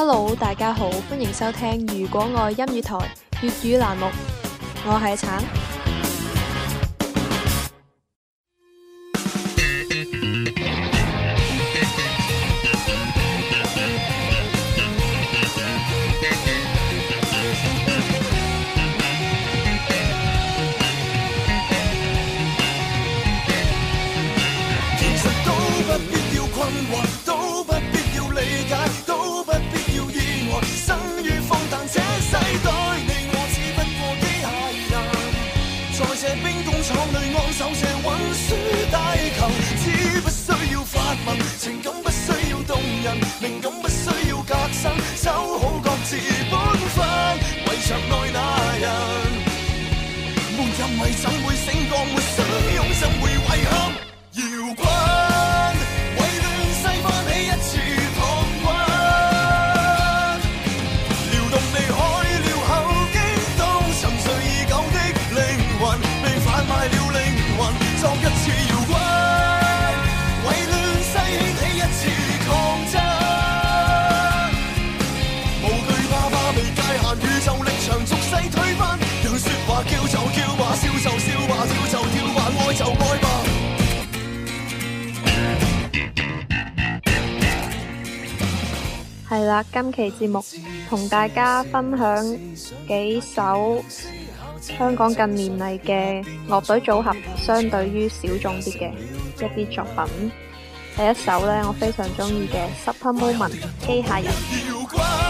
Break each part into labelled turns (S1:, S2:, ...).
S1: Hello，大家好，歡迎收聽《如果愛》音悅台粵語欄目，我係阿橙。係啦，今期節目同大家分享幾首香港近年嚟嘅樂隊組合，相對於小眾啲嘅一啲作品。第一首呢，我非常中意嘅《Super Moment》機械人。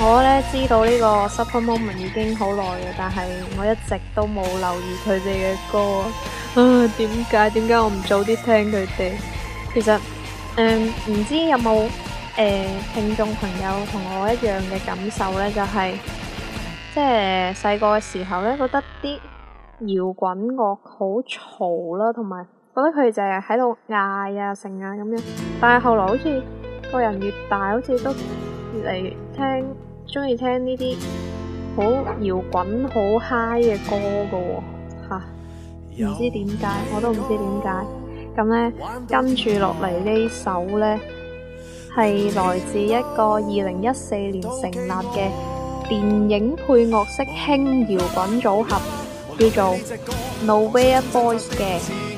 S1: 我咧知道呢個 Super Moment 已經好耐喇，但係我一直都冇留意佢哋嘅歌啊！點解？點解我唔早啲聽佢哋？其實誒，唔知有冇誒聽眾朋友同我一樣嘅感受呢？就係即係細個嘅時候呢，覺得啲搖滾樂好嘈啦，同埋。覺得佢就係喺度嗌啊成啊咁樣，但係後來好似個人越大，好似都越嚟越聽中意聽呢啲好搖滾、好 high 嘅歌噶，吓，唔知點解，我都唔知點解。咁呢跟住落嚟呢首呢，係來自一個二零一四年成立嘅電影配樂式輕搖滾組合，叫做 Nowhere Boys 嘅。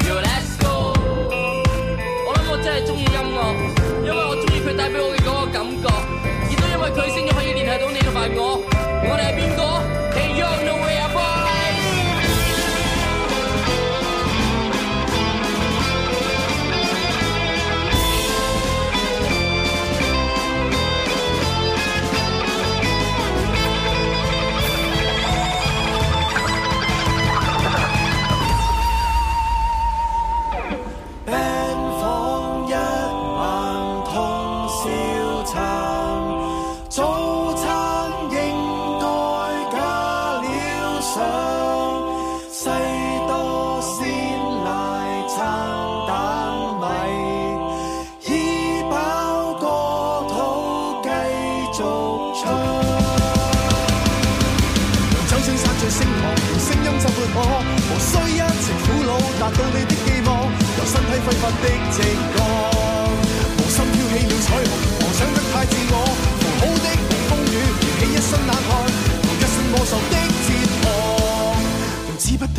S2: 帶俾我嘅嗰個感覺，亦都因為佢先至可以聯繫到你同埋我。我哋係邊個？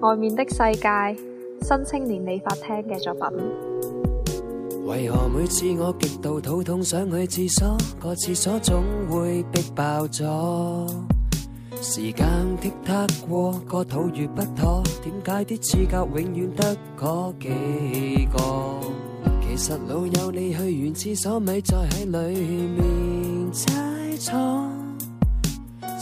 S1: 外面的世界，新青年理髮廳嘅作品。
S3: 為何每次我極度肚痛想去廁所，個廁所總會逼爆咗？時間踢踢過，個肚越不妥，點解啲廁格永遠得嗰幾個？其實老友你去完廁所，咪再喺裡面猜錯。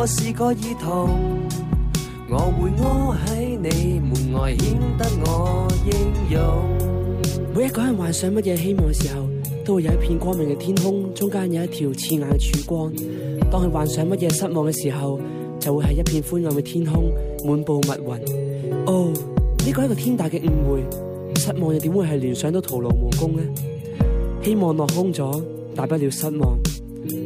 S3: 我是個意童，我會臥喺你門外，顯得我英勇。每一個人幻想乜嘢希望嘅時候，都會有一片光明嘅天空，中間有一條刺眼嘅曙光。當佢幻想乜嘢失望嘅時候，就會係一片灰暗嘅天空，滿布密雲。哦，呢個係一個天大嘅誤會，失望又點會係聯想到徒勞無功呢？希望落空咗，大不了失望。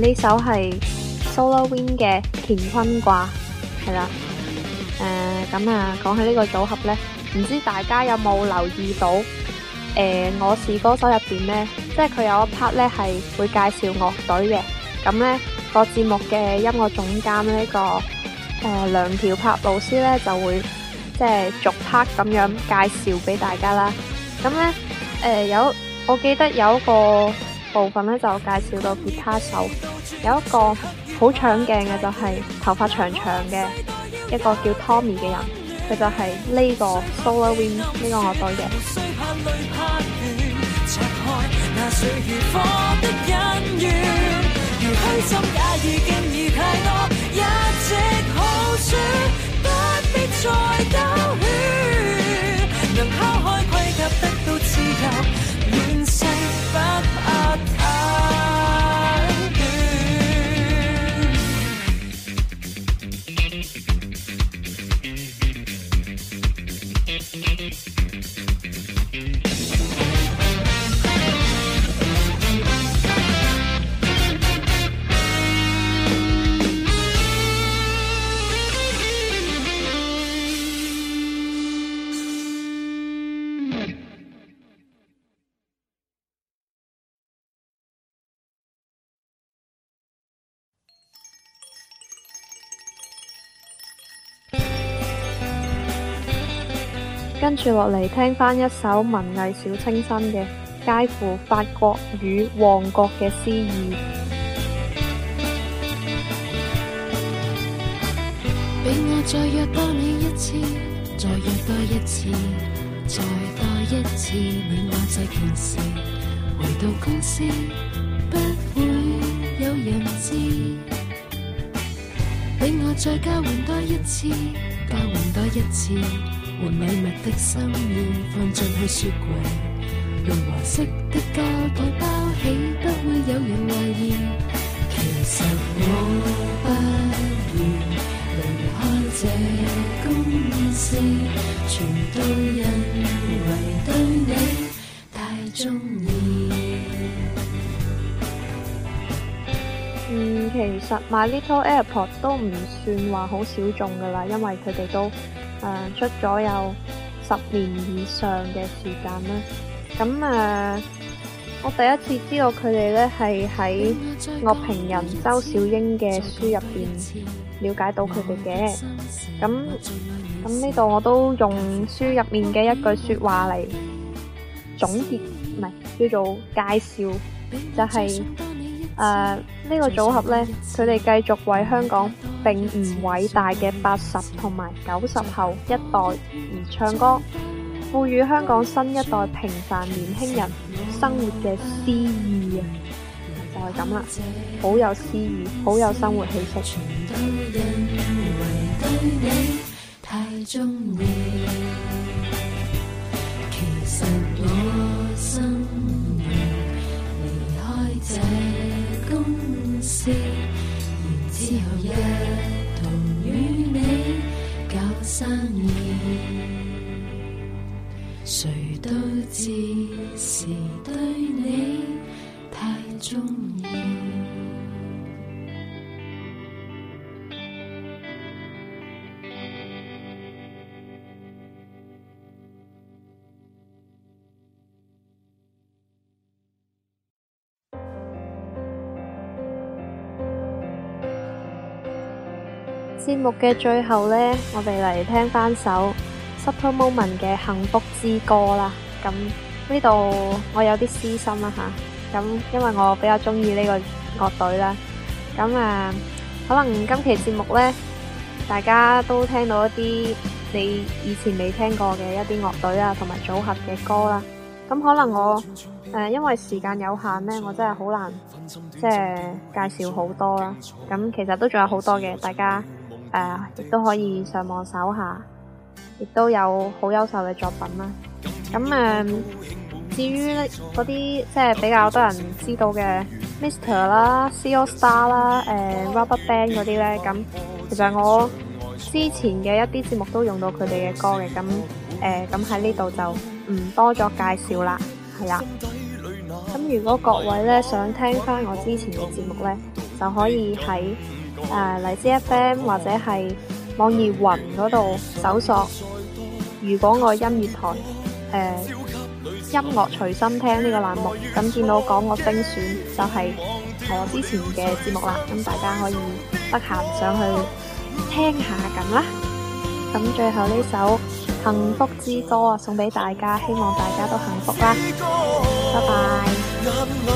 S1: 呢首係 Solo Win 嘅《乾坤卦》，係啦。誒，咁啊，講起呢個組合咧，唔知大家有冇留意到？誒，《我是歌手》入邊咧，即係佢有一 part 咧係會介紹樂隊嘅。咁咧，個節目嘅音樂總監呢個誒梁翹柏老師咧就會即係逐 part 咁樣介紹俾大家啦。咁咧，誒有，我記得有一個。部分呢就介紹到吉他手，有一個好搶鏡嘅就係、是、頭髮長長嘅一個叫 Tommy 嘅人，佢就係呢個 Solar Wing 呢個樂隊
S4: 嘅。
S1: 接落嚟聽翻一首文藝小清新嘅《介乎法國與旺角嘅詩意》。
S3: 俾我再約多你一次，再約多一次，再多一次，你我在平時回到公司不會有人知。俾我再交換多一次，交換多一次。換禮物的心意放進去雪櫃，用黃色的膠袋包起，不會有人懷疑。
S4: 其實我不願
S3: 離開這
S4: 公司，全都因為對你
S1: 太中意、嗯。其實 My Little Airport 都唔算話好小眾噶啦，因為佢哋都。誒、呃，出咗有十年以上嘅時間啦，咁啊、呃，我第一次知道佢哋咧係喺樂評人周小英嘅書入邊了解到佢哋嘅，咁咁呢度我都用書入面嘅一句說話嚟總結，唔係叫做介紹，就係、是。誒，呢個組合呢，佢哋繼續為香港並唔偉大嘅八十同埋九十後一代而唱歌，賦予香港新一代平凡年輕人生活嘅詩意啊！就係咁啦，好有詩意，好有生活氣息。 節目嘅最後呢，我哋嚟聽翻首誒、啊，亦都可以上網搜下，亦都有好優秀嘅作品啦。咁誒、嗯，至於嗰啲即係比較多人知道嘅 Mr 啦、C All Star 啦、誒、呃、Rubber Band 嗰啲呢，咁其實我之前嘅一啲節目都用到佢哋嘅歌嘅，咁誒咁喺呢度就唔多作介紹啦，係啦。咁如果各位呢想聽翻我之前嘅節目呢，就可以喺。誒、啊，荔枝 FM 或者係網易雲嗰度搜索《如果愛音悅台》呃，誒，音樂隨心聽呢個欄目，咁見到講我精選就係我之前嘅節目啦，咁大家可以得閒上去聽一下咁啦。咁最後呢首幸福之歌送俾大家，希望大家都幸福啦，
S2: 拜拜。